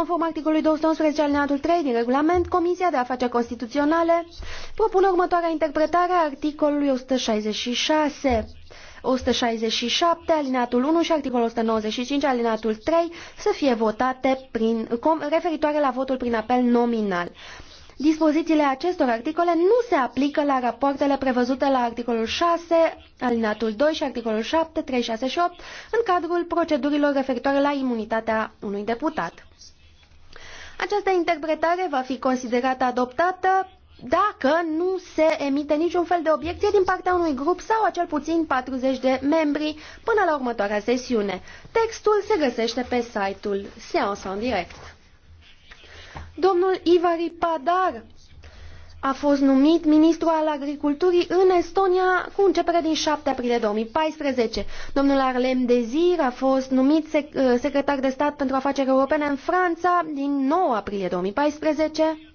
Conform articolului 211 neatul 3 din regulament, Comisia de Afaceri Constituționale propune următoarea interpretare a articolului 166. 167, alineatul 1 și articolul 195, alineatul 3 să fie votate prin, com, referitoare la votul prin apel nominal. Dispozițiile acestor articole nu se aplică la rapoartele prevăzute la articolul 6, alineatul 2 și articolul 7, 3, 6 și 8 în cadrul procedurilor referitoare la imunitatea unui deputat. Această interpretare va fi considerată adoptată dacă nu se emite niciun fel de obiecție din partea unui grup sau a cel puțin 40 de membri până la următoarea sesiune. Textul se găsește pe site-ul Seance en Direct. Domnul Ivari Padar a fost numit ministru al agriculturii în Estonia cu începere din 7 aprilie 2014. Domnul Arlem Dezir a fost numit sec secretar de stat pentru afaceri europene în Franța din 9 aprilie 2014.